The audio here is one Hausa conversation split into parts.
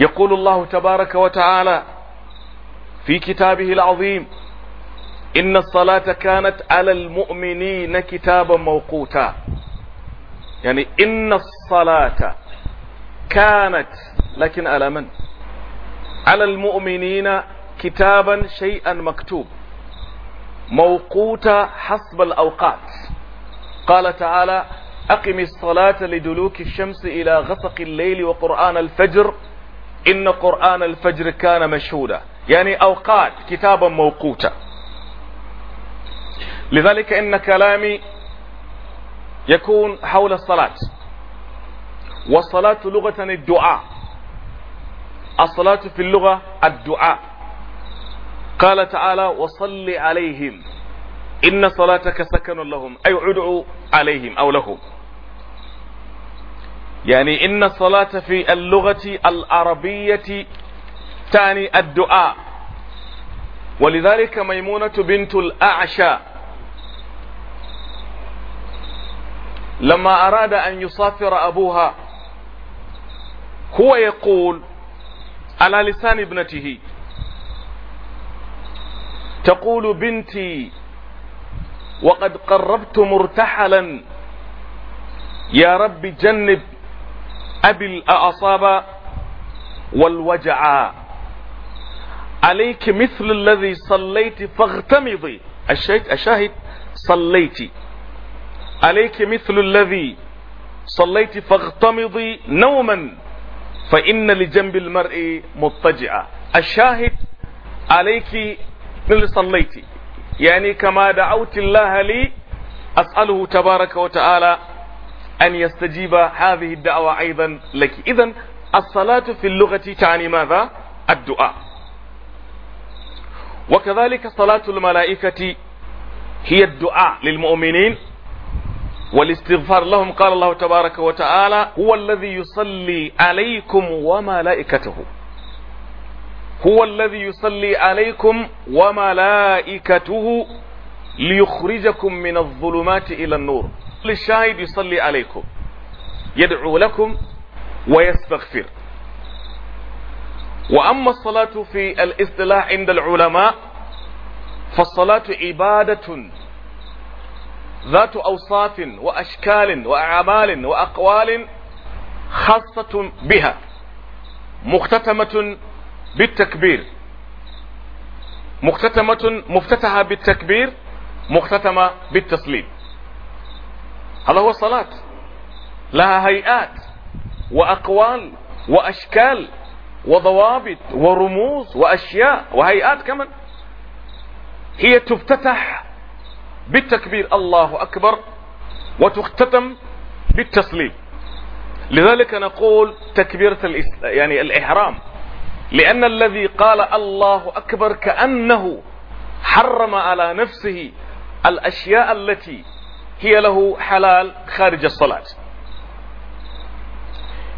يقول الله تبارك وتعالى في كتابه العظيم إن الصلاة كانت على المؤمنين كتابا موقوتا يعني إن الصلاة كانت لكن على من على المؤمنين كتابا شيئا مكتوب موقوتا حسب الأوقات قال تعالى أقم الصلاة لدلوك الشمس إلى غسق الليل وقرآن الفجر إن قرآن الفجر كان مشهودا يعني أوقات كتابا موقوتا لذلك إن كلامي يكون حول الصلاة والصلاة لغة الدعاء الصلاة في اللغة الدعاء قال تعالى وصل عليهم إن صلاتك سكن لهم أي عدعوا عليهم أو لهم يعني إن الصلاة في اللغة العربية تعني الدعاء ولذلك ميمونة بنت الأعشى لما أراد أن يصافر أبوها هو يقول على لسان ابنته تقول بنتي وقد قربت مرتحلا يا رب جنب أبي الأعصاب والوجع عليك مثل الذي صليت فاغتمضي الشاهد, الشاهد صليت عليك مثل الذي صليت فاغتمضي نوما فإن لجنب المرء مضطجعا الشاهد عليك مثل صليت يعني كما دعوت الله لي أسأله تبارك وتعالى أن يستجيب هذه الدعوة أيضا لك إذا الصلاة في اللغة تعني ماذا الدعاء وكذلك صلاة الملائكة هي الدعاء للمؤمنين والاستغفار لهم قال الله تبارك وتعالى هو الذي يصلي عليكم وملائكته هو الذي يصلي عليكم وملائكته ليخرجكم من الظلمات إلى النور للشاهد يصلي عليكم يدعو لكم ويستغفر وأما الصلاة في الاصطلاح عند العلماء فالصلاة عبادة ذات أوصاف وأشكال وأعمال وأقوال خاصة بها مختتمة بالتكبير مختتمة مفتتحة بالتكبير مختتمة بالتسليم هذا هو الصلاة لها هيئات وأقوال وأشكال وضوابط ورموز وأشياء وهيئات كمان هي تفتتح بالتكبير الله أكبر وتختتم بالتسليم لذلك نقول تكبيرة يعني الإحرام لأن الذي قال الله أكبر كأنه حرم على نفسه الأشياء التي هي له حلال خارج الصلاة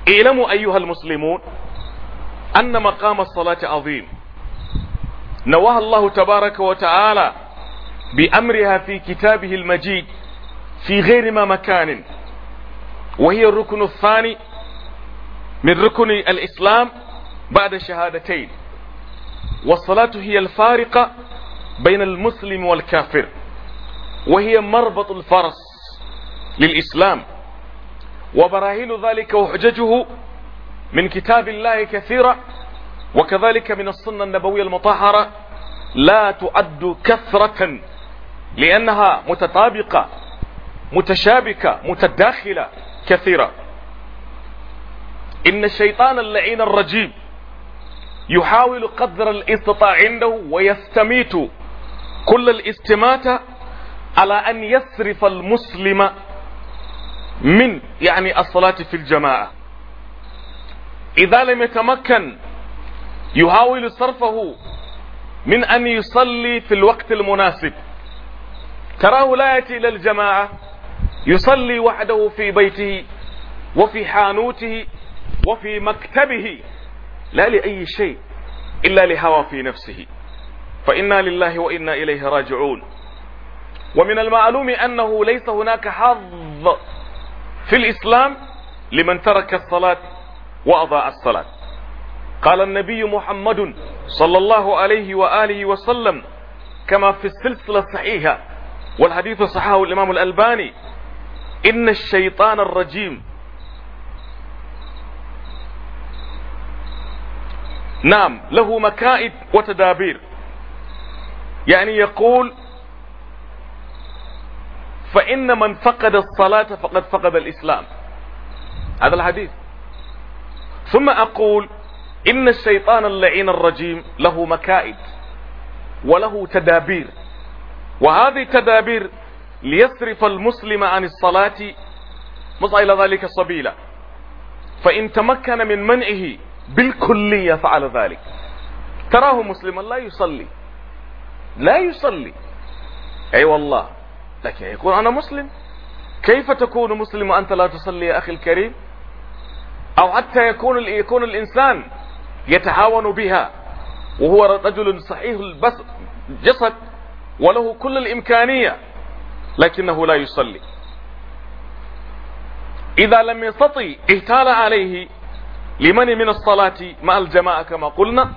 اعلموا أيها المسلمون أن مقام الصلاة عظيم نواها الله تبارك وتعالى بأمرها في كتابه المجيد في غير ما مكان وهي الركن الثاني من ركن الإسلام بعد شهادتين والصلاة هي الفارقة بين المسلم والكافر وهي مربط الفرس للإسلام وبراهين ذلك وحججه من كتاب الله كثيرة وكذلك من السنة النبوية المطهرة لا تعد كثرة لأنها متطابقة متشابكة متداخلة كثيرة إن الشيطان اللعين الرجيم يحاول قدر الاستطاع عنده ويستميت كل الاستماتة على أن يصرف المسلم من يعني الصلاة في الجماعة إذا لم يتمكن يحاول صرفه من أن يصلي في الوقت المناسب تراه لا يأتي إلى الجماعة يصلي وحده في بيته وفي حانوته وفي مكتبه لا لأي شيء إلا لهوى في نفسه فإنا لله وإنا إليه راجعون ومن المعلوم أنه ليس هناك حظ في الإسلام لمن ترك الصلاة وأضاع الصلاة قال النبي محمد صلى الله عليه وآله وسلم كما في السلسلة الصحيحة والحديث صححه الإمام الألباني إن الشيطان الرجيم نعم له مكائد وتدابير يعني يقول فإن من فقد الصلاة فقد فقد الإسلام هذا الحديث ثم أقول إن الشيطان اللعين الرجيم له مكائد وله تدابير وهذه التدابير ليصرف المسلم عن الصلاة مضى إلى ذلك سبيلا فإن تمكن من منعه بالكلية فعل ذلك تراه مسلما لا يصلي لا يصلي أي أيوة والله لكن يقول أنا مسلم كيف تكون مسلم وأنت لا تصلي يا أخي الكريم أو حتى يكون يكون الإنسان يتهاون بها وهو رجل صحيح الجسد وله كل الإمكانية لكنه لا يصلي إذا لم يستطع اهتال عليه لمن من الصلاة مع الجماعة كما قلنا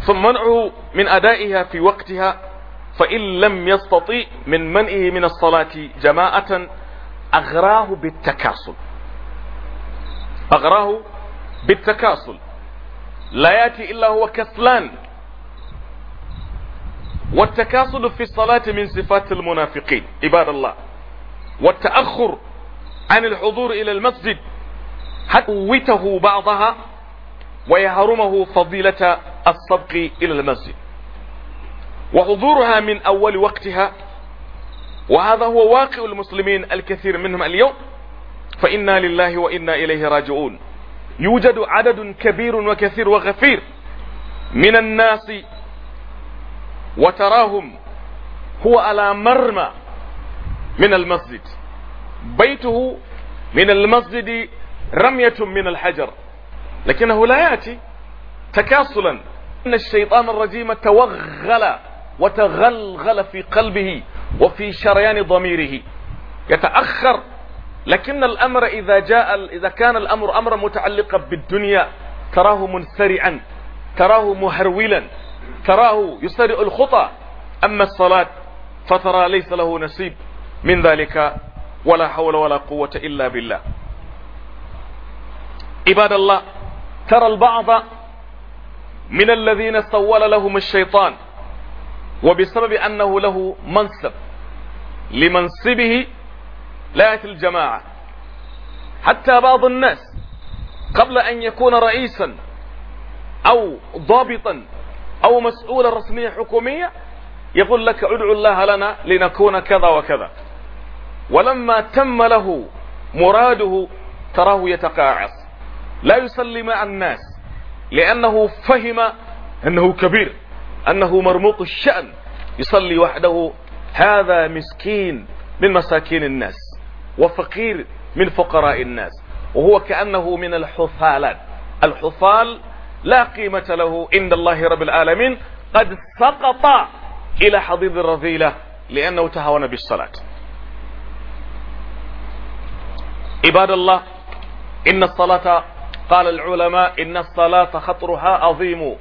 ثم منعه من أدائها في وقتها فإن لم يستطيع من منئه من الصلاة جماعة أغراه بالتكاسل أغراه بالتكاسل لا يأتي إلا هو كسلان والتكاسل في الصلاة من صفات المنافقين عباد الله والتأخر عن الحضور إلى المسجد حتى بعضها ويهرمه فضيلة السبق إلى المسجد وحضورها من أول وقتها وهذا هو واقع المسلمين الكثير منهم اليوم فإنا لله وإنا إليه راجعون يوجد عدد كبير وكثير وغفير من الناس وتراهم هو على مرمى من المسجد بيته من المسجد رمية من الحجر لكنه لا يأتي تكاسلا إن الشيطان الرجيم توغل وتغلغل في قلبه وفي شريان ضميره يتأخر لكن الأمر إذا جاء إذا كان الأمر أمرا متعلقا بالدنيا تراه منسرعا تراه مهرولا تراه يسرع الخطى أما الصلاة فترى ليس له نصيب من ذلك ولا حول ولا قوة إلا بالله عباد الله ترى البعض من الذين سول لهم الشيطان وبسبب أنه له منصب لمنصبه لا يأتي الجماعة حتى بعض الناس قبل أن يكون رئيسا أو ضابطا أو مسؤولا رسميا حكوميا يقول لك ادعو الله لنا لنكون كذا وكذا ولما تم له مراده تراه يتقاعص لا يصلي مع الناس لأنه فهم أنه كبير أنه مرموق الشأن يصلي وحده هذا مسكين من مساكين الناس وفقير من فقراء الناس وهو كأنه من الحفالات الحفال لا قيمة له عند الله رب العالمين قد سقط إلى حضيض الرذيلة لأنه تهاون بالصلاة عباد الله إن الصلاة قال العلماء إن الصلاة خطرها عظيم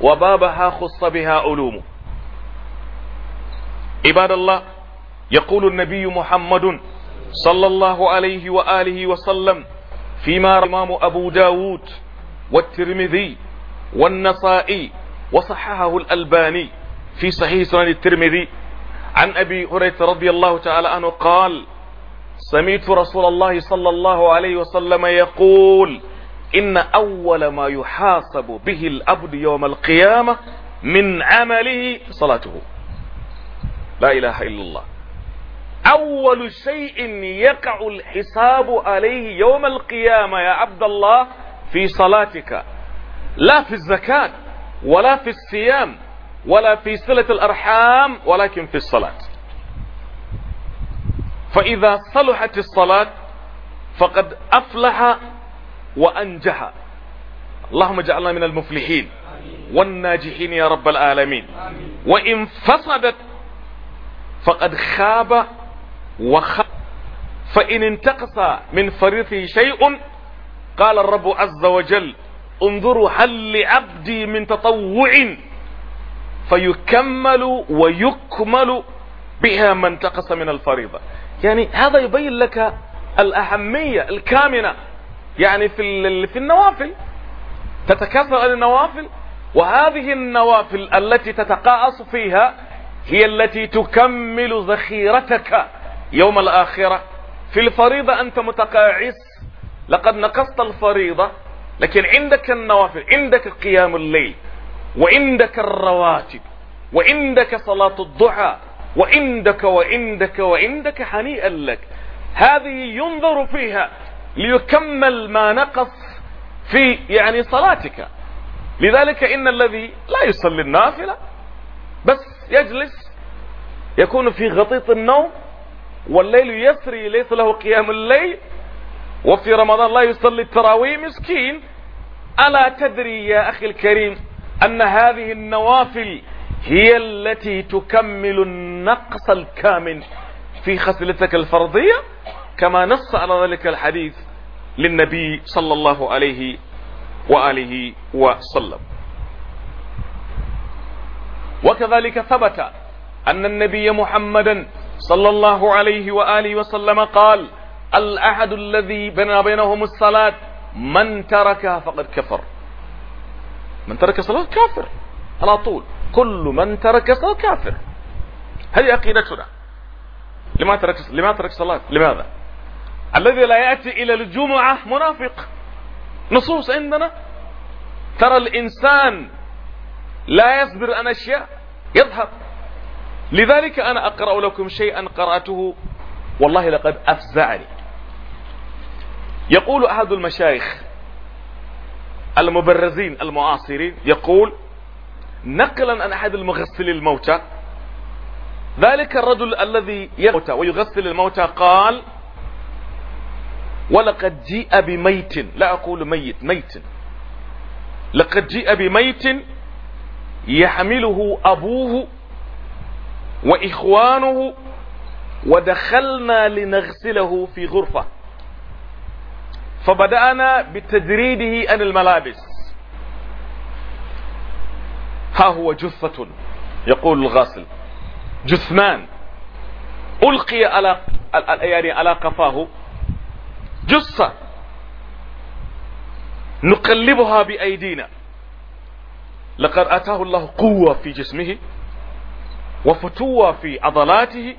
وبابها خص بها علومه عباد الله يقول النبي محمد صلى الله عليه وآله وسلم فيما رمام أبو داود والترمذي والنصائي وصححه الألباني في صحيح سنن الترمذي عن أبي هريرة رضي الله تعالى عنه قال سمعت رسول الله صلى الله عليه وسلم يقول إن أول ما يحاسب به الأبد يوم القيامة من عمله صلاته لا إله إلا الله أول شيء يقع الحساب عليه يوم القيامة يا عبد الله في صلاتك لا في الزكاة ولا في الصيام ولا في صلة الأرحام ولكن في الصلاة فإذا صلحت الصلاة فقد أفلح وأنجح اللهم اجعلنا من المفلحين والناجحين يا رب العالمين وإن فسدت فقد خاب وخاب فإن انتقص من فريقه شيء قال الرب عز وجل انظروا هل لعبدي من تطوع فيكمل ويكمل بها ما انتقص من الفريضة يعني هذا يبين لك الأهمية الكامنة يعني في في النوافل تتكاثر عن النوافل وهذه النوافل التي تتقاعص فيها هي التي تكمل ذخيرتك يوم الآخرة في الفريضة أنت متقاعس لقد نقصت الفريضة لكن عندك النوافل عندك قيام الليل وعندك الرواتب وعندك صلاة الضحى وعندك وعندك وعندك حنيئا لك هذه ينظر فيها ليكمل ما نقص في يعني صلاتك لذلك إن الذي لا يصلي النافلة بس يجلس يكون في غطيط النوم والليل يسري ليس له قيام الليل وفي رمضان لا يصلي التراويح مسكين ألا تدري يا أخي الكريم أن هذه النوافل هي التي تكمل النقص الكامل في خسلتك الفرضية كما نص على ذلك الحديث للنبي صلى الله عليه وآله وسلم وكذلك ثبت أن النبي محمدا صلى الله عليه وآله وسلم قال الأحد الذي بين بينهم الصلاة من تركها فقد كفر من ترك صلاة كافر على طول كل من ترك صلاة كافر هذه عقيدتنا لماذا ترك لما ترك صلاة لماذا الذي لا يأتي إلى الجمعة منافق نصوص عندنا ترى الإنسان لا يصبر عن أشياء يظهر لذلك أنا أقرأ لكم شيئا قرأته والله لقد أفزعني يقول أحد المشايخ المبرزين المعاصرين يقول نقلا عن أحد المغسل الموتى ذلك الرجل الذي يموت ويغسل الموتى قال ولقد جيء بميت لا أقول ميت ميت لقد جيء بميت يحمله أبوه وإخوانه ودخلنا لنغسله في غرفة فبدأنا بتدريده عن الملابس ها هو جثة يقول الغاسل جثمان ألقي على يعني على قفاه جثة نقلبها بأيدينا لقد أتاه الله قوة في جسمه وفتوة في عضلاته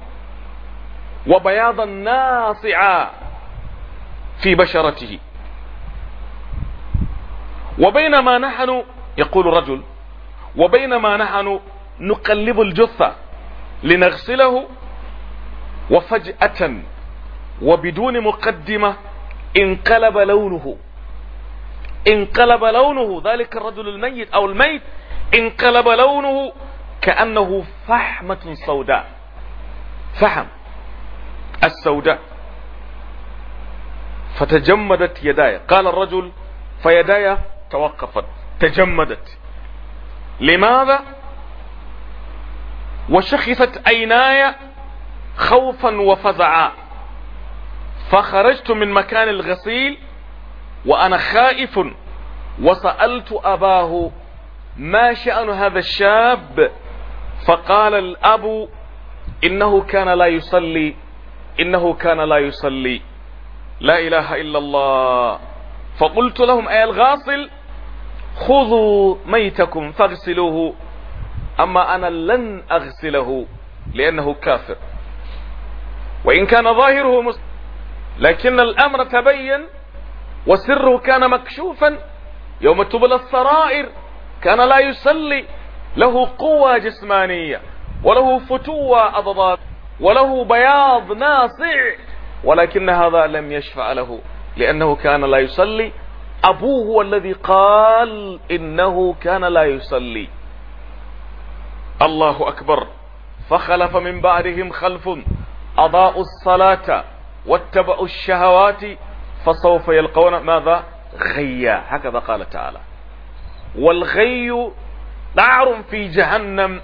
وبياضا ناصعا في بشرته وبينما نحن يقول الرجل وبينما نحن نقلب الجثة لنغسله وفجأة وبدون مقدمة انقلب لونه انقلب لونه ذلك الرجل الميت أو الميت انقلب لونه كأنه فحمة سوداء فحم السوداء فتجمدت يداي قال الرجل فيداي توقفت تجمدت لماذا وشخفت عيناي خوفا وفزعا فخرجت من مكان الغسيل وأنا خائف وسألت أباه ما شأن هذا الشاب فقال الأب إنه كان لا يصلي إنه كان لا يصلي لا إله إلا الله فقلت لهم أي الغاصل خذوا ميتكم فاغسلوه أما أنا لن أغسله لأنه كافر وإن كان ظاهره مسلم لكن الأمر تبين وسره كان مكشوفا يوم تبلى السرائر كان لا يصلي له قوة جسمانية وله فتوة أضضاد وله بياض ناصع ولكن هذا لم يشفع له لأنه كان لا يصلي أبوه هو الذي قال إنه كان لا يصلي الله أكبر فخلف من بعدهم خلف أضاءوا الصلاة واتبعوا الشهوات فسوف يلقون ماذا غيا هكذا قال تعالى والغي نار في جهنم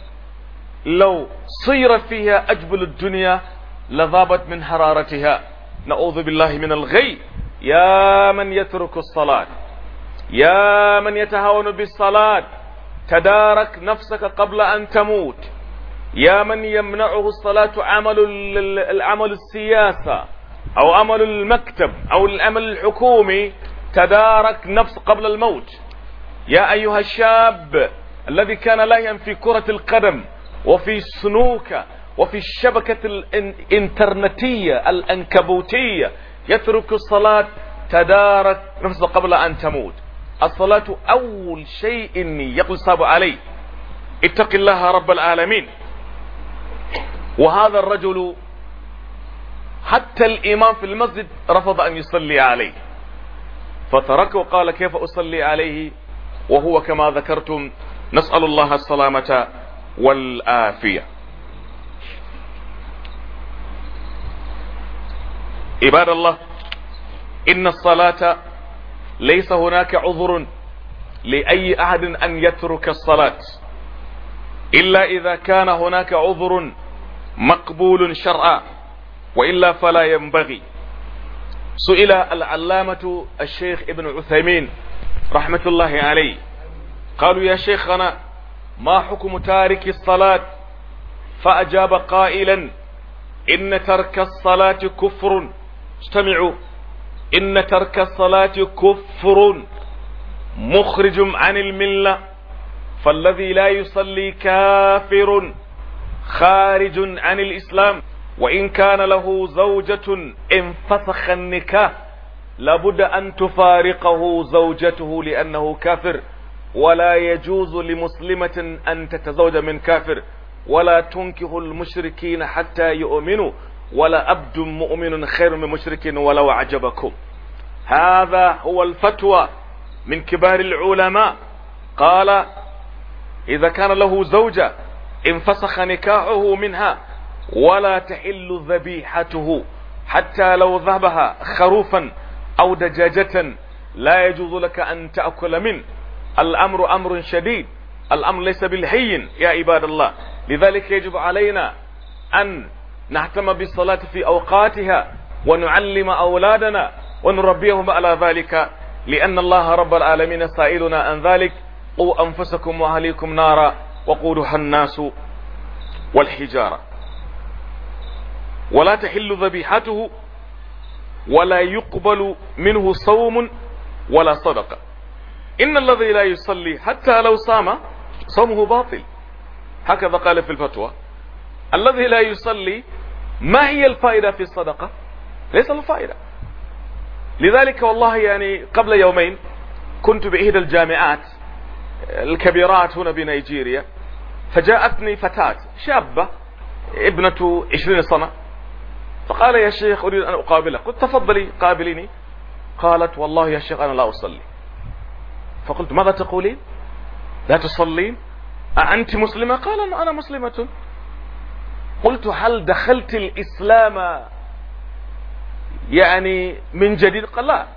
لو صير فيها أجبل الدنيا لذابت من حرارتها نعوذ بالله من الغي يا من يترك الصلاة يا من يتهاون بالصلاة تدارك نفسك قبل أن تموت يا من يمنعه الصلاة عمل العمل السياسة او امل المكتب او الامل الحكومي تدارك نفس قبل الموت يا ايها الشاب الذي كان لاهيا في كرة القدم وفي سنوكة وفي الشبكة الانترنتية الانكبوتية يترك الصلاة تدارك نفسه قبل ان تموت الصلاة اول شيء يقول صاب عليه اتق الله رب العالمين وهذا الرجل حتى الإمام في المسجد رفض أن يصلي عليه فترك وقال كيف أصلي عليه وهو كما ذكرتم نسأل الله السلامة والآفية عباد الله إن الصلاة ليس هناك عذر لأي أحد أن يترك الصلاة إلا إذا كان هناك عذر مقبول شرعا وإلا فلا ينبغي سئل العلامة الشيخ ابن عثيمين رحمة الله عليه قالوا يا شيخنا ما حكم تارك الصلاة فأجاب قائلا إن ترك الصلاة كفر استمعوا إن ترك الصلاة كفر مخرج عن الملة فالذي لا يصلي كافر خارج عن الإسلام وإن كان له زوجة انفسخ النكاح لابد أن تفارقه زوجته لأنه كافر ولا يجوز لمسلمة أن تتزوج من كافر ولا تنكه المشركين حتى يؤمنوا ولا أبد مؤمن خير من مشرك ولو عجبكم هذا هو الفتوى من كبار العلماء قال إذا كان له زوجة انفسخ نكاحه منها ولا تحل ذبيحته حتى لو ذهبها خروفا أو دجاجة لا يجوز لك أن تأكل منه الأمر أمر شديد الأمر ليس بالحين يا عباد الله لذلك يجب علينا أن نهتم بالصلاة في أوقاتها ونعلم أولادنا ونربيهم على ذلك لأن الله رب العالمين سائلنا عن ذلك قو أنفسكم وأهليكم نارا وقودها الناس والحجارة ولا تحل ذبيحته ولا يقبل منه صوم ولا صدقة إن الذي لا يصلي حتى لو صام صومه باطل هكذا قال في الفتوى الذي لا يصلي ما هي الفائدة في الصدقة ليس الفائدة لذلك والله يعني قبل يومين كنت بإحدى الجامعات الكبيرات هنا بنيجيريا فجاءتني فتاة شابة ابنة عشرين سنة فقال يا شيخ أريد أن أقابلك قلت تفضلي قابليني قالت والله يا شيخ أنا لا أصلي فقلت ماذا تقولين لا تصلين أنت مسلمة قال نعم، أنا مسلمة قلت هل دخلت الإسلام يعني من جديد قال لا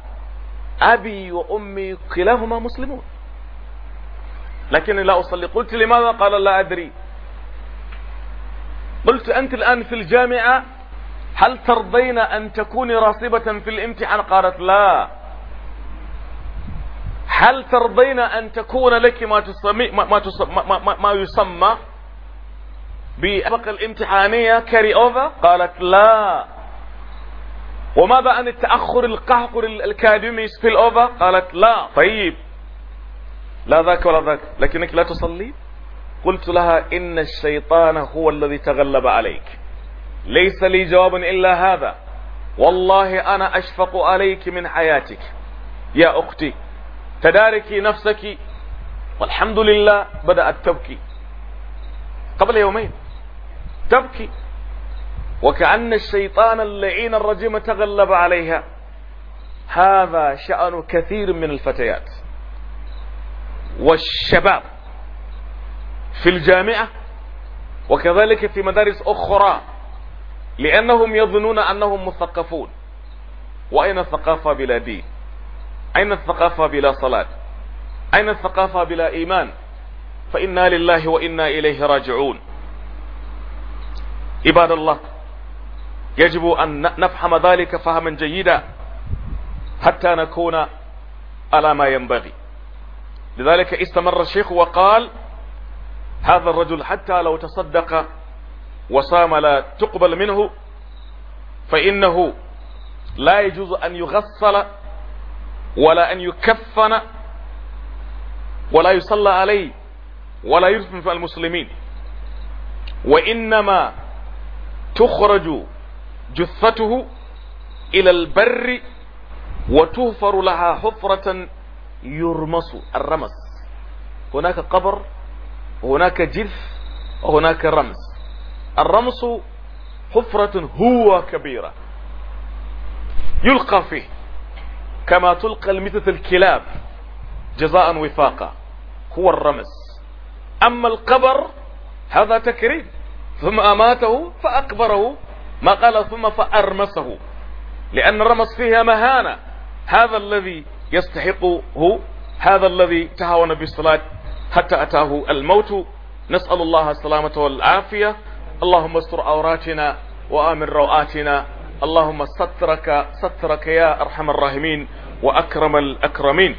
أبي وأمي كلاهما مسلمون لكني لا أصلي قلت لماذا قال لا أدري قلت أنت الآن في الجامعة هل ترضين أن تكوني راصبة في الامتحان قالت لا هل ترضين أن تكون لك ما ما, ما, ما, ما, ما يسمى بأبقى الامتحانية كاري أوفر قالت لا وماذا عن التأخر القهقر الأكاديمي سبيل الاوفر قالت لا طيب لا ذاك ولا ذاك لكنك لا تصلي قلت لها إن الشيطان هو الذي تغلب عليك ليس لي جواب إلا هذا والله أنا أشفق عليك من حياتك يا أختي تداركي نفسك والحمد لله بدأت تبكي قبل يومين تبكي وكأن الشيطان اللعين الرجيم تغلب عليها هذا شأن كثير من الفتيات والشباب في الجامعة وكذلك في مدارس أخرى لأنهم يظنون أنهم مثقفون وأين الثقافة بلا دين أين الثقافة بلا صلاة أين الثقافة بلا إيمان فإنا لله وإنا إليه راجعون عباد الله يجب أن نفهم ذلك فهما جيدا حتى نكون على ما ينبغي لذلك استمر الشيخ وقال هذا الرجل حتى لو تصدق وصام لا تقبل منه فإنه لا يجوز أن يغسل ولا أن يكفن ولا يصلى عليه ولا يرثم في المسلمين وإنما تخرج جثته إلى البر وتهفر لها حفرة يرمس الرمس هناك قبر هناك جث وهناك رمس الرمص حفرة هو كبيرة يلقى فيه كما تلقى المتة الكلاب جزاء وفاقا هو الرمز أما القبر هذا تكريم ثم أماته فأقبره ما قال ثم فأرمسه لأن الرمز فيها مهانة هذا الذي يستحقه هذا الذي تهاون بالصلاة حتى أتاه الموت نسأل الله السلامة والعافية اللهم استر عوراتنا وآمن روآتنا اللهم سترك سترك يا أرحم الراحمين وأكرم الأكرمين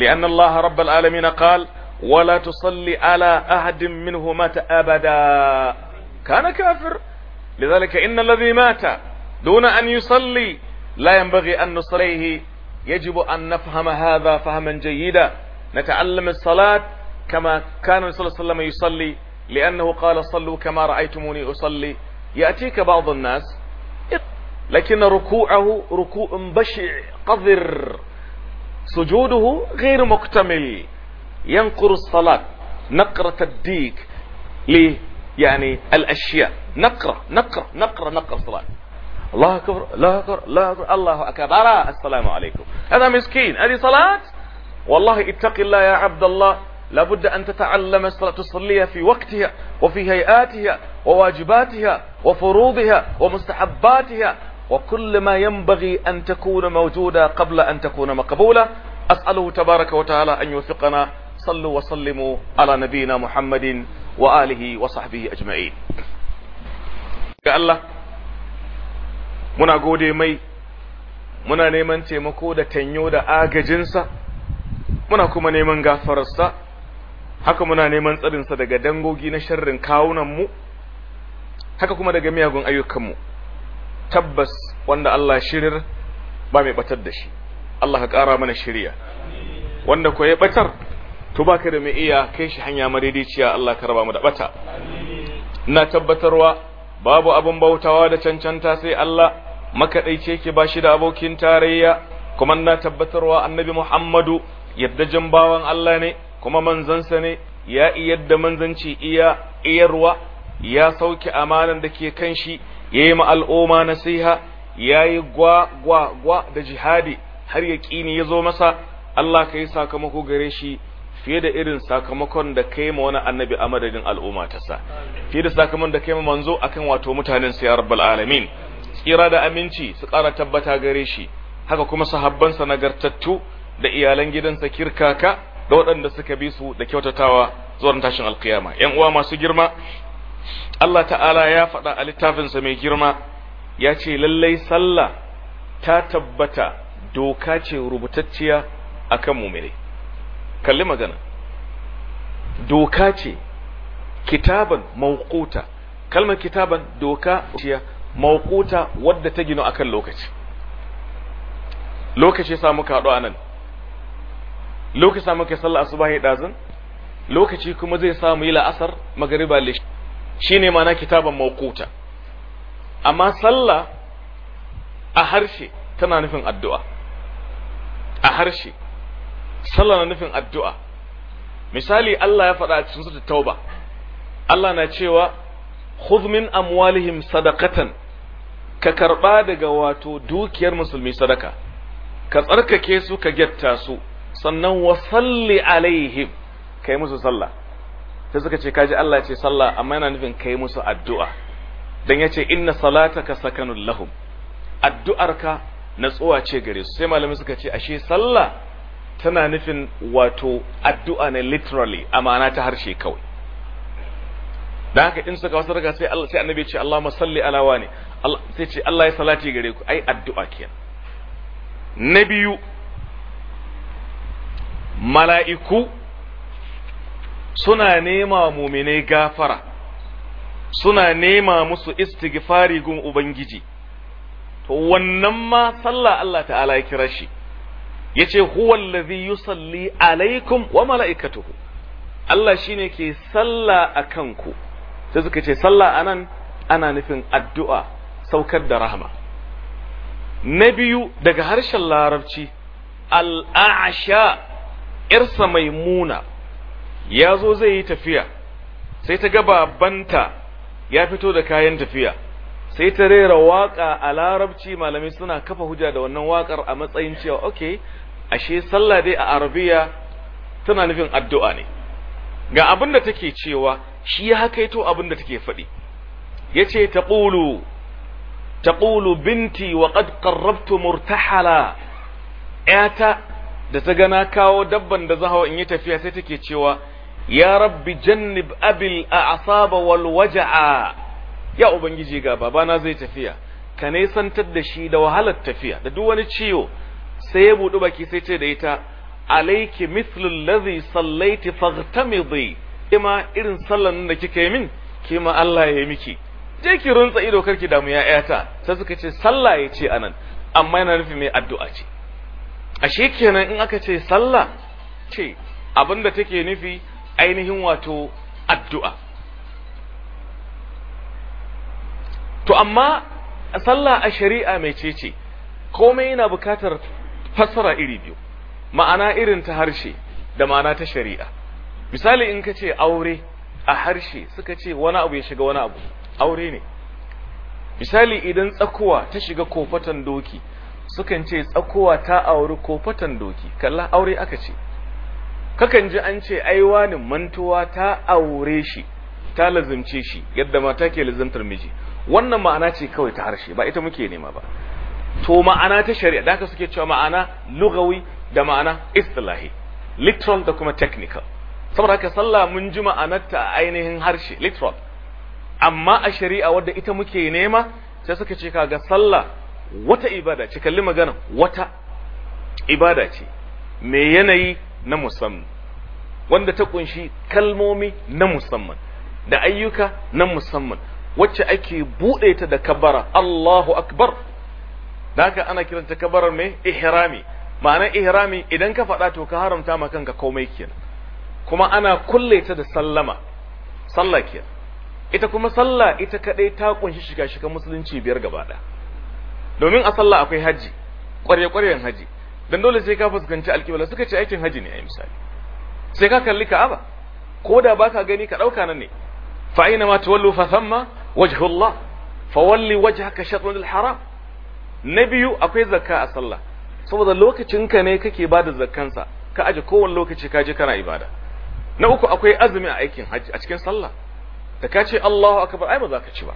لأن الله رب العالمين قال ولا تصلي على أحد منه مات أبدا كان كافر لذلك إن الذي مات دون أن يصلي لا ينبغي أن نصليه يجب أن نفهم هذا فهما جيدا نتعلم الصلاة كما كان النبي صلى الله عليه وسلم يصلي لأنه قال صلوا كما رأيتموني أصلي يأتيك بعض الناس لكن ركوعه ركوع بشع قذر سجوده غير مكتمل ينقر الصلاة نقرة الديك ليه يعني الأشياء نقرة نقرة نقرة نقرة الصلاة الله أكبر الله أكبر الله أكبر الله أكبر السلام عليكم هذا مسكين هذه صلاة والله اتق الله يا عبد الله لابد أن تتعلم الصلاة تصليها في وقتها وفي هيئاتها وواجباتها وفروضها ومستحباتها وكل ما ينبغي أن تكون موجودة قبل أن تكون مقبولة أسأله تبارك وتعالى أن يوفقنا صلوا وسلموا على نبينا محمد وآله وصحبه أجمعين الله Allah muna مي mai muna neman taimako da tanyo da agajinsa muna kuma neman haka muna neman sa daga dangogi na sharrin kawunanmu haka kuma daga miyagun ayyukanmu tabbas wanda Allah shirir ba mai batar da shi Allah ka kara mana shirya wanda ko ya batar to ka da mai iya kai shi hanya madaidaiciya Allah ka raba mu da bata ina tabbatarwa babu abun bautawa da cancanta sai Allah makaɗaice yake ba shi da abokin tarayya kuma ina tabbatarwa annabi Muhammadu yadda bawan Allah ne kuma manzansa ne ya iyar da manzanci iya iyarwa ya sauke amanan da ke kan shi ya yi ma'al'oma nasiha ya yi gwa gwa da jihadi har ya ƙini ya zo masa Allah ka yi sakamako gare shi fiye da irin sakamakon da kai ma wani annabi a madadin al'umma ta sa fiye da sakamakon da kai ma manzo kan wato mutanen sa ya rabbal alamin tsira da aminci su ƙara tabbata gare shi haka kuma sahabbansa nagartattu da iyalan gidansa kirkaka da waɗanda suka bi su da kyautatawa zuwan tashin alkiyama yan uwa masu girma Allah ta'ala ya faɗa a littafinsa mai girma ya ce lallai sallah ta tabbata doka ce rubutacciya akan mumine kalli magana doka ce kitaban mawquta kalmar kitaban doka ce wadda ta gino akan lokaci lokaci ya samu kaɗo a nan lokacin muke sallah asubahi dazin lokaci kuma zai samu yi la'asar magariba lishi shine mana kitaban mawquta amma sallah a harshe tana nufin addu'a a harshe sallah na nufin addu'a misali Allah ya faɗa cikin sura tauba Allah na cewa khudh min amwalihim sadaqatan ka karba daga wato dukiyar musulmi sadaka ka tsarkake su ka getta su sannan wa salli alaihim kai musu sallah sai suka ce kaji Allah ce sallah amma yana nufin kai musu addu'a dan yace inna salataka sakanul lahum addu'arka natsuwa ce gare su sai malamai suka ce ashe sallah tana nufin wato addu'a ne literally amana ta harshe kawai Dan haka in suka wasu daga sai Allah sai annabi ce Allah salli ala wani sai ce Allah ya salati gare ku ai addu'a kenan na biyu mala'iku suna nema muminai gafara suna nema musu istighfari gun ubangiji to wannan ma sallah Allah ta'ala ya kira shi yace huwallazi yi yusalli alaikum wa mala'ikatuhu Allah shine ke sallah akan ku sai suka ce sallah anan ana nufin addu'a saukar da rahama na biyu daga harshen larabci al'asha 'yarsa maimuna ya zo zai yi tafiya sai ta ga babanta ya fito da kayan tafiya sai ta rera waƙa a larabci malamai suna kafa hujja da wannan waƙar a matsayin cewa ok ashe sallah dai a arabiya tana nufin addu'a ne ga abin da take cewa shi ya hakaito abin da take faɗi ya ce ta ta ƙulu binti wa ƙad ƙarrabtu murtahala ‘yata da ta gana kawo dabban da zahawa in yi tafiya sai take cewa ya rabbi jannib abil a asaba wal waja'a ya ubangiji ga babana zai tafiya ka santar da shi da wahalar tafiya da duk wani ciwo sai ya buɗi baki sai ce da ita alaiki mithlul ladhi sallaiti faghtamidi kima irin sallan da kika yi min kima ma Allah ya yi miki je ki runtsa ido karki damu ya yata sai suka ce sallah ya ce anan amma yana nufi mai addu'a ce ashe kenan in aka ce sallah ce abinda take nufi ainihin wato addu'a to amma sallah a shari'a mai cece komai yana bukatar fassara iri biyu ma'ana irin ta harshe da ma'ana ta shari'a misali in ka ce aure a harshe suka ce wani abu ya shiga wani abu aure ne misali idan tsakuwa ta shiga kofatan doki sukan ce tsakowa ta auri ko fatan doki kalla aure aka ce kakan ji an ce ai wani mantuwa ta aure shi ta lazimce shi yadda mata ke lazimtar miji wannan ma'ana ce kawai ta harshe ba ita muke nema ba to ma'ana ta shari'a da suke cewa ma'ana lugawi da ma'ana istilahi literal da kuma technical saboda haka sallah mun ji ma'anarta a ainihin harshe literal amma a shari'a wadda ita muke nema sai suka ce kaga sallah wata ibada ce kalli magana wata ibada ce mai yanayi na musamman wanda ta kunshi kalmomi na musamman da ayyuka na musamman wacce ake buɗe ta da kabara Allahu akbar da haka ana kiranta kabarar mai ihrami ma'ana ihrami idan ka faɗa to ka haramta ma kanka komai kenan kuma ana kulle ta da sallama sallah kenan ita kuma sallah ita kadai ta kunshi shiga shiga musulunci biyar gaba ɗaya domin a sallah akwai haji ƙwarya-ƙwaryan haji dan dole sai ka fuskanci alkibala suka ce aikin haji ne a misali sai ka kalli ka'aba ko da baka gani ka ɗauka nan ne fa aina ma tuwallu fa thamma wajhullah fa walli wajhaka haram na biyu akwai zakka a sallah saboda lokacinka ne kake bada zakkansa ka aje kowane lokaci ka je kana ibada na uku akwai azumi a aikin haji a cikin sallah da ka ce Allahu akbar ai ba za ka ci ba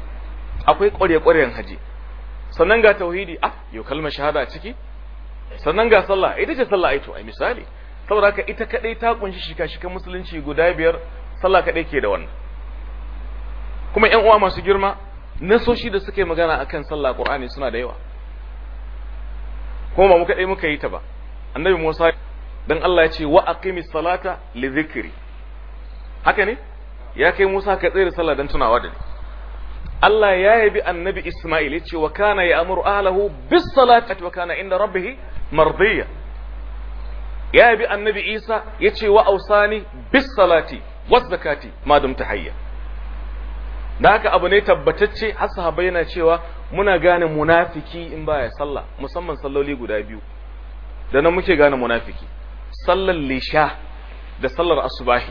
akwai ƙwarya-ƙwaryan haji sannan ga tauhidi ah yau kalmar shahada a ciki sannan ga sallah ita ce sallah aito ai misali saboda haka ita kadai ta kunshi shika-shikan musulunci guda biyar sallah kadai ke da wannan kuma yan uwa masu girma nasoshi da suke magana akan sallah qur'ani suna da yawa kuma ba mu kadai muka yi ta ba annabi Musa dan Allah ya ce wa aqimis salata li dhikri haka ne ya kai Musa ka tsere sallah dan tunawa da ni Allah ya yabi annabi Ismail yace wa kana ya'muru ahlahu bis salati wa kana inda rabbih mardiya ya yabi annabi Isa yace wa ausani bis salati waz zakati ma dumta hayya da haka abu ne tabbatacce har sahabbai yana cewa muna gane munafiki in baya sallah musamman salloli guda biyu da nan muke gane munafiki sallar lisha da sallar asubahi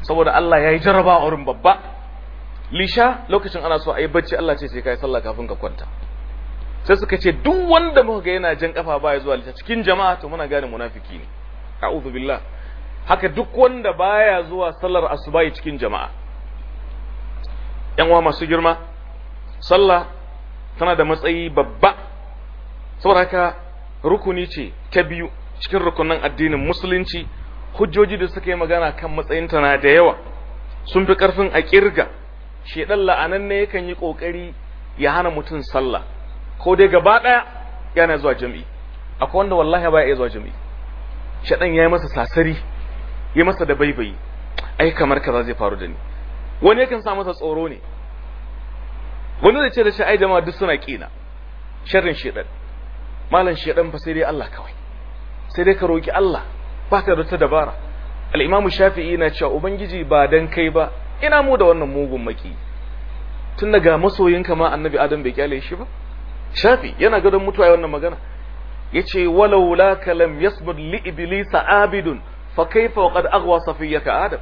saboda Allah ya yi jarraba wurin babba lisha lokacin ana so a yi bacci Allah ce sai kai sallah kafin ka kwanta sai suka ce duk wanda muka ga yana jan kafa baya zuwa lisha cikin jama'a to muna gane munafiki ne a'udhu billah haka duk wanda baya zuwa sallar asuba cikin jama'a yan uwa masu girma sallah tana da matsayi babba saboda haka rukuni ce ta biyu cikin rukunin addinin musulunci hujjoji da suka yi magana kan matsayinta na da yawa sun fi karfin a kirga shedan la'ananne yakan yi kokari ya hana mutum sallah ko dai gaba daya yana zuwa jami'i akwai wanda wallahi baya zuwa jami'i shedan yayi masa sasari ya masa da baibayi ai kamar kaza zai faru da ni wani yakan sa masa tsoro ne wani zai ce da shi ai jama'a duk suna kina sharrin shedan malam shedan fa sai dai Allah kawai sai dai ka roki Allah baka da ta dabara al-imamu shafi'i na cewa ubangiji ba dan kai ba ina mu da wannan mugun maki tun daga masoyinka ma annabi adam bai kyale shi ba shafi yana gadon mutuwa wannan magana yace walau la kalam yasbud li iblisa abidun fa kaifa wa qad aghwa safiyyaka adam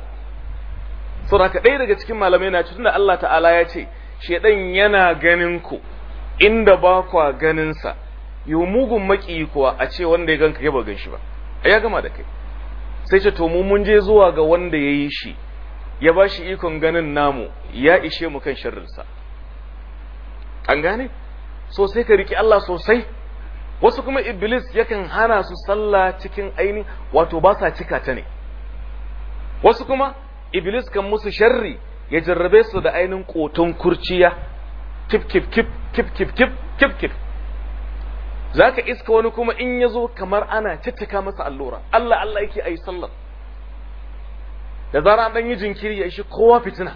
ka dai daga cikin malamai na tunda Allah ta'ala ya ce shedan yana ganin ku inda ba kwa ganin sa yo mugun maki kuwa a ce wanda ya ganka ya ba gan shi ba ya gama da kai sai ce to mu mun je zuwa ga wanda ya yi shi ya ba shi ikon ganin namu ya ishe mu kan sharrinsa an gane so ka riki Allah sosai wasu kuma iblis yakan hana su sallah cikin aini wato ba sa cika ta ne wasu kuma iblis kan musu sharri ya jarrabe su da ainihin koton kurciya kip kip kip kip kip kip kip kip zaka iska wani kuma in yazo kamar ana ciccika masa allura Allah Allah yake ayi sallar da zara an dan yi jinkiri ya ishi kowa fitina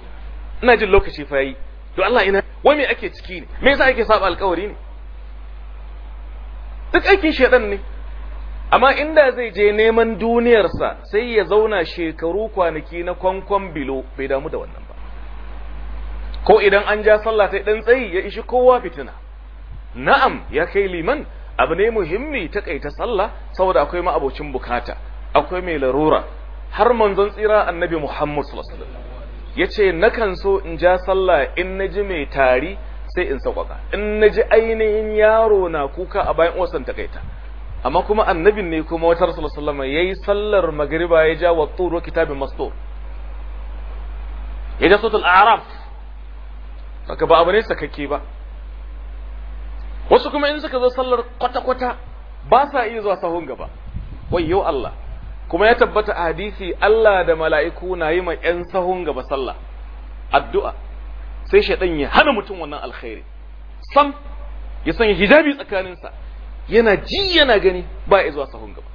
ina jin lokaci fa yi to Allah ina wai me ake ciki ne me yasa ake saba alƙawari ne duk aikin shedan ne amma inda zai je neman duniyarsa sai ya zauna shekaru kwanaki na kwankwan bilo bai damu da wannan ba ko idan an ja sallah ta dan tsayi ya ishi kowa fitina na'am ya kai liman abu ne muhimmi ta kaita sallah saboda akwai ma'abocin bukata akwai mai larura har manzon tsira annabi Muhammad sallallahu alaihi wasallam yace nakan so in ja sallah in naji mai tari sai in sakwaka in naji ainihin yaro na kuka a bayan uwarsa ta kaita amma kuma annabin ne kuma wata sallallahu alaihi yayi sallar magriba ya ja wattur wa kitabin mastur ya ja sautul a'raf haka ba abu ne sakakke ba wasu kuma in suka zo sallar kwata-kwata ba sa iya zuwa sahun gaba wayyo Allah kuma ya tabbata a hadisi Allah da mala'iku na yi ma ‘yan sahun gaba sallah addu'a sai shaɗan ya hana mutum wannan alkhairi sam ya sanya hijabi tsakaninsa yana ji yana gani ba ya zuwa sahun gaba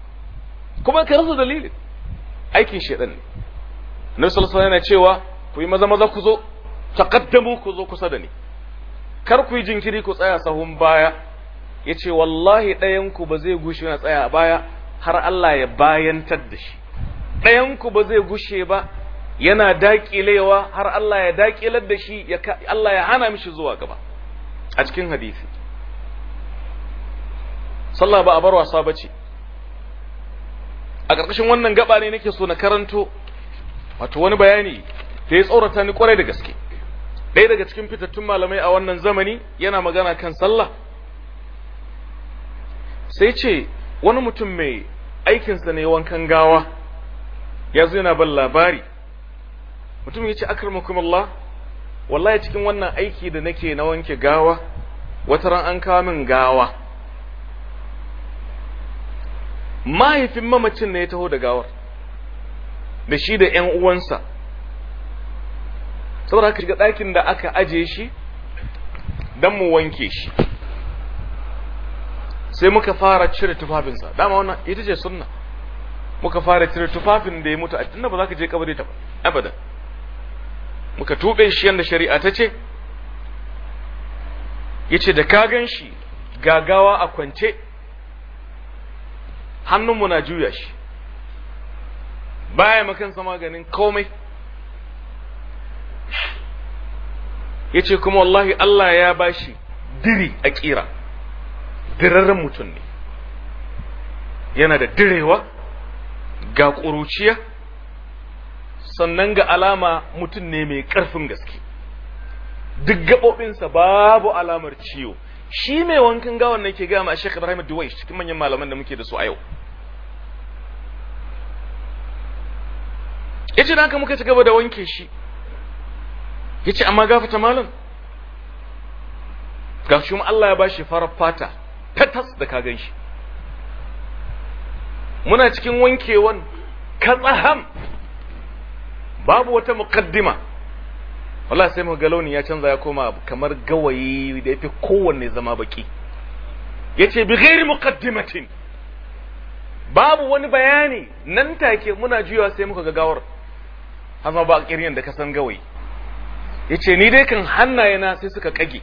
kuma ka rasa dalilin aikin shaɗan ne na salasa yana cewa ku yi maza maza ku zo taƙaddamu ku zo kusa da ni kar ku yi jinkiri ku tsaya sahun baya ya ce wallahi ku ba zai gushe na tsaya a baya har Allah ya bayantar da shi ɗayanku ba zai gushe ba yana daƙilewa har Allah ya daƙilar da shi Allah ya hana mishi zuwa gaba a cikin hadisi sallah ba a bar wasa ba ce. a ƙarƙashin wannan gaba ne nake so na karanto wato wani bayani da ya tsorata ni kwarai da gaske ɗaya daga cikin fitattun malamai a wannan zamani yana magana kan sallah sai ce wani mutum mai aikinsa ne wankan gawa ya zo yana ban labari mutum ya ce akarmakum Allah wallahi cikin wannan aiki da nake na wanke gawa wata ran an kawo min gawa mahaifin mamacin ne ya taho da gawar da shi da ‘yan uwansa saboda haka shiga ɗakin da aka aje shi don mu wanke shi sai muka fara cire tufafinsa dama wannan ita ce sunna muka fara cire tufafin da ya mutu a tunda ba za ka je kabari ta abada muka tube shi yanda shari'a ta ce yace da ka gan shi gagawa a kwance hannunmu na juya shi baya sama maganin komai yace kuma wallahi Allah ya bashi diri a kira dirarren mutum ne yana da direwa ga ƙuruciya sannan ga alama mutum ne mai ƙarfin gaske duk gaɓoɓinsa babu alamar ciwo shi mai wankan gawar na ke gama a shekh rahimar duwai cikin manyan malaman da muke da su a yau ya ce da muka ci gaba da wanke shi ya ce amma gafata malam ga shi Allah ya bashi farar fata tatas da ka gan shi muna cikin wankewan katsaham babu wata muqaddima wallahi sai muka launi ya canza ya koma kamar gawayi da yafi kowanne zama baki yace bi ghairi muqaddimatin babu wani bayani nan take muna juyawa sai muka ga gawar har ba kiryan da ka san gawayi yace ni dai kan hannaye na sai suka kage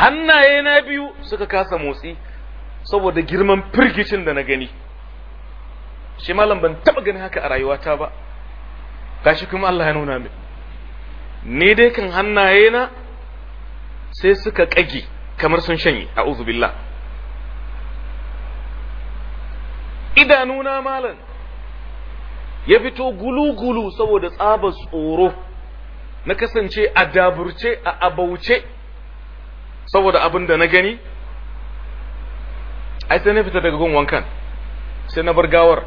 hannaye na biyu suka kasa motsi saboda girman firgicin da na gani shi malam ban taba gani haka a rayuwata ba gashi kuma Allah ya nuna min ni dai kan hannaye na sai suka kage kamar sun shanye a'udhu billah idanuna malam ya fito gulugulu saboda tsabar tsoro na kasance a daburce a abauce saboda abin da na gani ai sai na fita daga gun wankan sai na bar gawar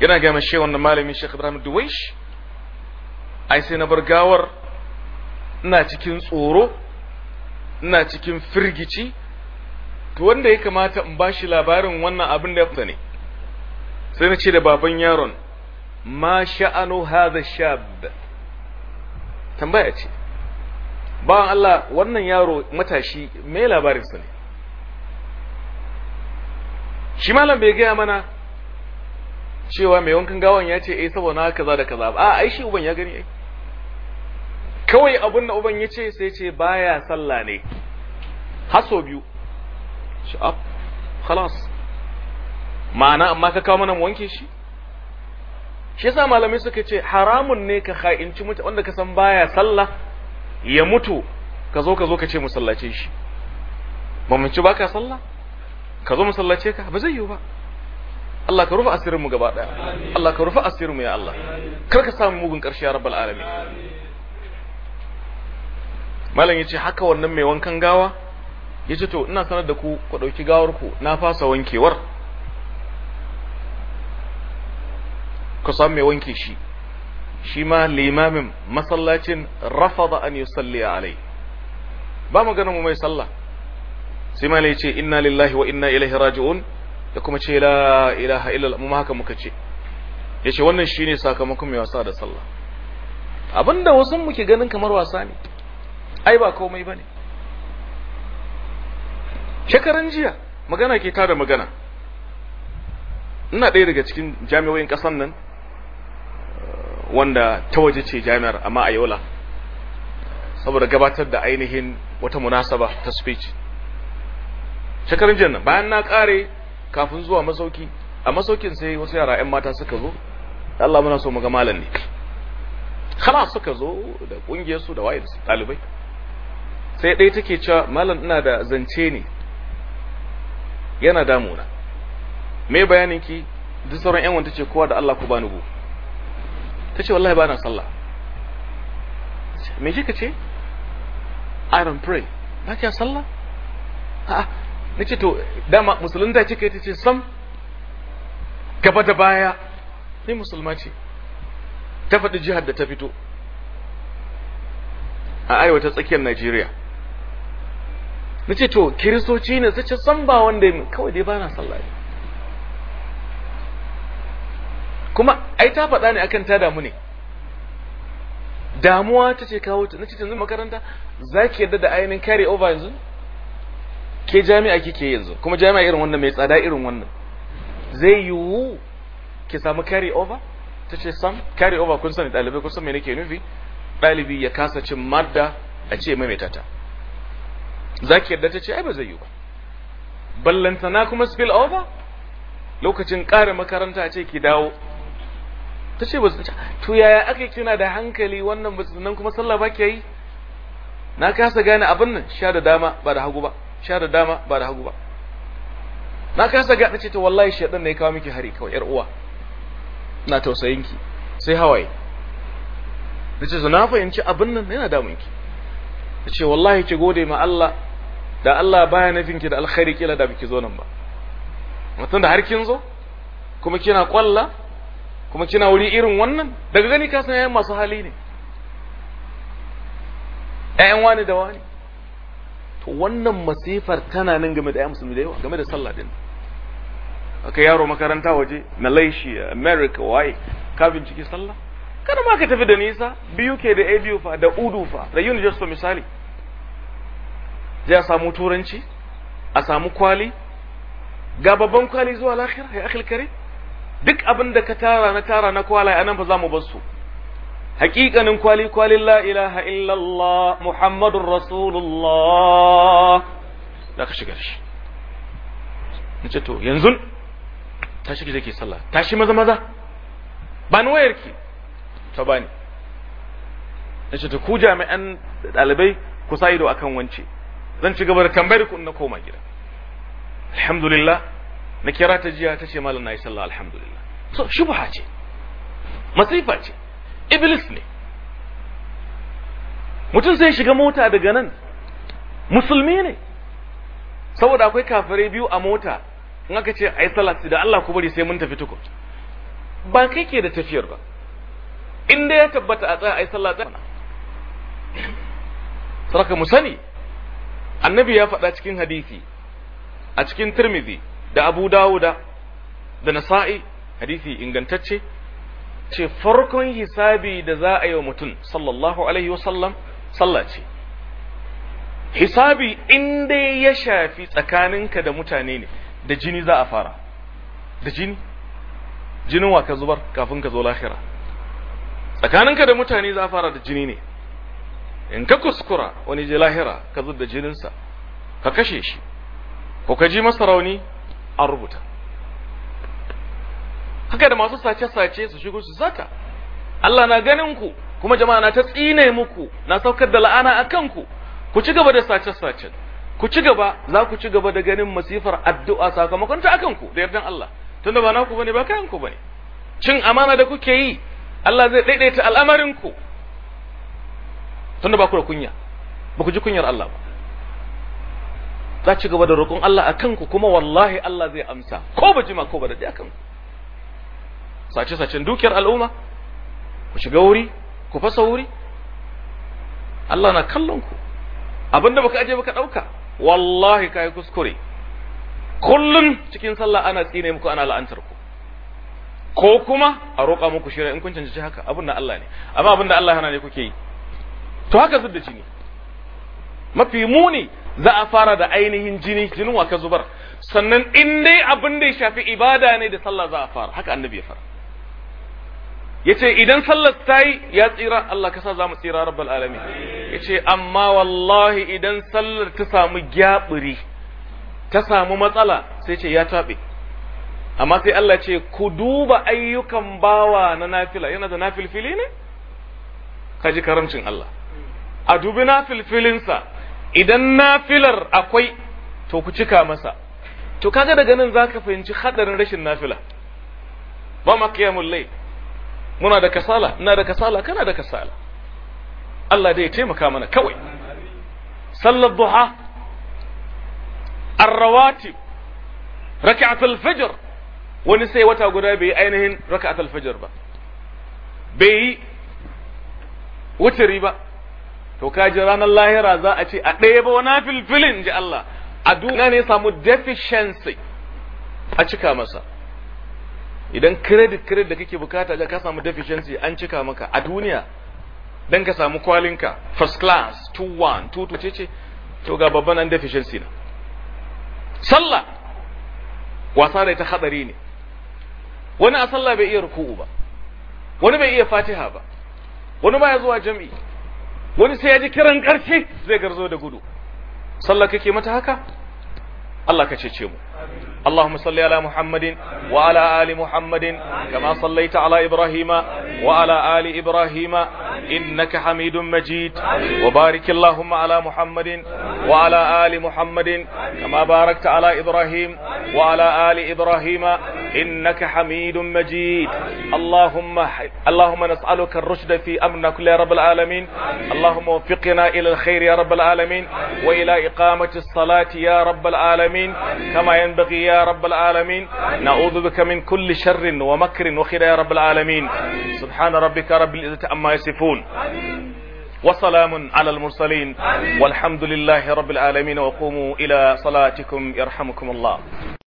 yana gama shi wannan malami Sheikh Ibrahim Duwaish ai sai na bar gawar ina cikin tsoro ina cikin firgici to wanda ya kamata in bashi labarin wannan abin da ya fita ne sai na ce da baban yaron ma sha'anu hadha shab tambaya ce bawan Allah wannan yaro matashi me labarinsa ne shi malam bai gaya mana cewa mai wankan gawan ya ce eh saboda kaza da kaza a ai shi uban ya gani ai kawai abin da uban ya ce sai ce baya sallah ne haso biyu shi ab ah, khalas ma'ana amma ka kawo mana mu wanke shi shi yasa malamai suka ce haramun ne ka kha'inci mutane wanda ka san baya sallah ya mutu ka zo ka zo ka ce musallace shi mamanci ba ka sallah ka zo musallace ka ba zai yiwu ba Allah ka rufe asirinmu gaba daya Allah ka rufe asirinmu ya Allah kar ka samu mugun karshe ya rabbal alamin malam yace haka wannan mai wankan gawa yace to ina sanar da ku ku dauki gawar ku na fasa wankewar ku samu mai wanke shi shi ma limamin masallacin rafada an a alai ba magana mu mai salla sai ma ce inna lillahi wa inna ilahi raji'un da kuma ce la ilaha illallah mu haka muka ce Ya ce wannan shine sakamakon mai wasa da salla abinda wasu muke ganin kamar wasa ne ai ba komai ba ne. shekaran jiya magana ke tada magana ina ɗaya daga cikin jami'o'in ƙasan nan wanda ta waje ce jami'ar amma a yola saboda gabatar da ainihin wata munasaba ta speech shekarun janna bayan na kare kafin zuwa masauki a masaukin sai wasu yara 'yan mata suka zo Allah muna so muga malam ne kana suka zo da kungiyar su da waye da ɗalibai sai ɗaya take cewa malam ina da zance ne yana damuna me bayanin ki duk sauran 'yan wanda ce kowa da Allah ku bani gobe ta ce wallahi ba na sallah me kika ce i don't pray ba kya sallah a'a na ce to dama musulunta ce kai ta ce sam gaba da baya ni musulma ce ta faɗi jihar da ta fito a arewa ta tsakiyar najeriya na ce to kiristoci ne ta ce sam ba wanda kawai dai ba na sallah ne kuma ai ta faɗa ne akan ta damu ne damuwa ta ce kawo ta nace yanzu makaranta za ki yarda da ainihin carry over yanzu ke jami'a kike yanzu kuma jami'a irin wannan mai tsada irin wannan zai yiwu ki samu carry over ta ce sam carry over kun sani ɗalibai kun san me nake nufi ɗalibi ya kasa cin madda a ce maimaita ta za ki yarda ta ce ai ba zai yiwu ba ballantana kuma spill over lokacin ƙara makaranta a ce ki dawo ta ce basu to yaya aka kina da hankali wannan ba nan kuma sallah ba ke yi na kasa gane abin nan sha da dama ba da hagu ba sha da dama ba da hagu ba na kasa gane ce ta wallahi shaɗan ne ya kawo miki hari kawai yar uwa na tausayin ki sai hawaye na ce na fahimci abin nan yana damun ki Ta ce wallahi ki gode ma Allah da Allah baya nufin ki da alkhairi kila da biki zo nan ba mutum da har kin zo kuma kina kwalla kuma kina wuri irin wannan daga gani ka san yayin masu hali ne ƴaƴan wani da wani to wannan masifar tana nan game da ƴan musulmi da yawa game da sallah din aka yaro makaranta waje Malaysia America why ka binciki sallah kada ma ka tafi da nisa biyu ke da ADU fa da Udu fa da Unijust for misali zai samu turanci a samu kwali ga babban kwali zuwa lahira ya akhil karim duk abin da ka tara na tara na kwalaye anan fa mu bar su haƙiƙanin kwali kwalin la ilaha illallah muhammadun rasulullah Da ka shiga shi na ce to yanzu tashi ki ke sallah tashi maza maza ba ni wayar ki ta ba ni ce to ku jami'an ɗalibai ku sa ido akan wance zan ci gaba da tambayar ku na koma gida alhamdulillah na kira ta jiya ta ce malam na yi sallah alhamdulillah so shubha ce masifa ce iblis ne mutum sai shiga mota daga nan musulmi ne saboda akwai kafirai biyu a mota in aka ce ai salati da Allah ku bari sai mun tafi tukun ba kai ke da tafiyar ba in dai ya tabbata a tsaya ai tsaya saraka mu sani annabi ya faɗa cikin hadisi a cikin tirmidhi da abu dawuda da nasa'i hadisi ingantacce ce farkon hisabi da za a yi wa mutum sallallahu alaihi wasallam sallace hisabi inda ya shafi tsakaninka da mutane ne da jini za a fara da jini jinin wa ka zubar kafin ka zo lahira tsakaninka da mutane za a fara da jini ne in ka kuskura wani je lahira ka zub da jininsa ka kashe shi ko ka ji masa rauni an rubuta haka da masu sace-sace su shigo su zaka Allah na ganin ku kuma jama'a na ta tsine muku na saukar da la'ana a kanku ku ci gaba da sace-sace ku ci gaba za ku ci gaba da ganin masifar addu'a sakamakon ta a kanku da yardan Allah tunda ba naku bane ba kayan ku bane cin amana da kuke yi Allah zai daidaita al'amarinku tunda ba ku da kunya ba ku ji kunyar Allah ba za ci gaba da roƙon Allah a kanku kuma wallahi Allah zai amsa ko ba jima ko ba da a kanku. sace sacen dukiyar al'umma ku shiga wuri ku fasa wuri Allah na kallon ku abinda baka aje baka dauka wallahi yi kuskure Kullum cikin sallah ana tsine muku ana la'antar ku ko kuma a roƙa muku shirya in kun cancanci haka abin da Allah ne amma abin da Allah hana ne kuke yi to haka zudda shi ne mafi muni za a fara da ainihin jini jinin wa ka zubar sannan in dai abin da ya shafi ibada ne da sallah za a fara haka annabi ya fara yace idan sallar ta yi ya tsira Allah ka sa za mu tsira rabbal alamin yace amma wallahi idan sallar ta samu gyaburi ta samu matsala sai ce ya tabe amma sai Allah ce ku duba ayyukan bawa na nafila yana da nafilfili ne Ka ji karamcin Allah a dubi nafilfilinsa idan nafilar akwai to ku cika masa to kaga daga nan zaka fahimci hadarin rashin nafila ba ma muna da kasala ina da kasala kana da kasala Allah dai ya taimaka mana kawai sallar duha ar-rawatib raka'atul fajr wani sai wata guda bai ainihin raka'atul fajr ba bai wuturi ba to kaji ranar lahira za a ce a ɗebo na filfilin ji Allah a duniya ne samu deficiency a cika masa idan credit credit da kake bukata ga ka samu deficiency an cika maka a duniya dan ka samu kwalinka first class 2-1 2-2 ce ce to ga babban an deficiency na sallah wasa da ta hadari ne wani a sallah bai iya ruku'u ba wani bai iya fatiha ba wani ba ya zuwa jami'i wani sai ya ji kiran ƙarfi zai garzo da gudu sallah kake mata haka Allah ka cece mu اللهم صل على محمد وعلى آل محمد كما صليت على إبراهيم وعلى آل إبراهيم إنك حميد مجيد وبارك اللهم على محمد وعلى آل محمد كما باركت على إبراهيم وعلى آل إبراهيم إنك حميد مجيد اللهم اللهم نسألك الرشد في أمرنا كل يا رب العالمين اللهم وفقنا إلى الخير يا رب العالمين وإلى إقامة الصلاة يا رب العالمين كما ينبغي يا رب العالمين نعوذ بك من كل شر ومكر وخير يا رب العالمين سبحان ربك رب العزة أما يصفون وسلام على المرسلين والحمد لله رب العالمين وقوموا إلى صلاتكم يرحمكم الله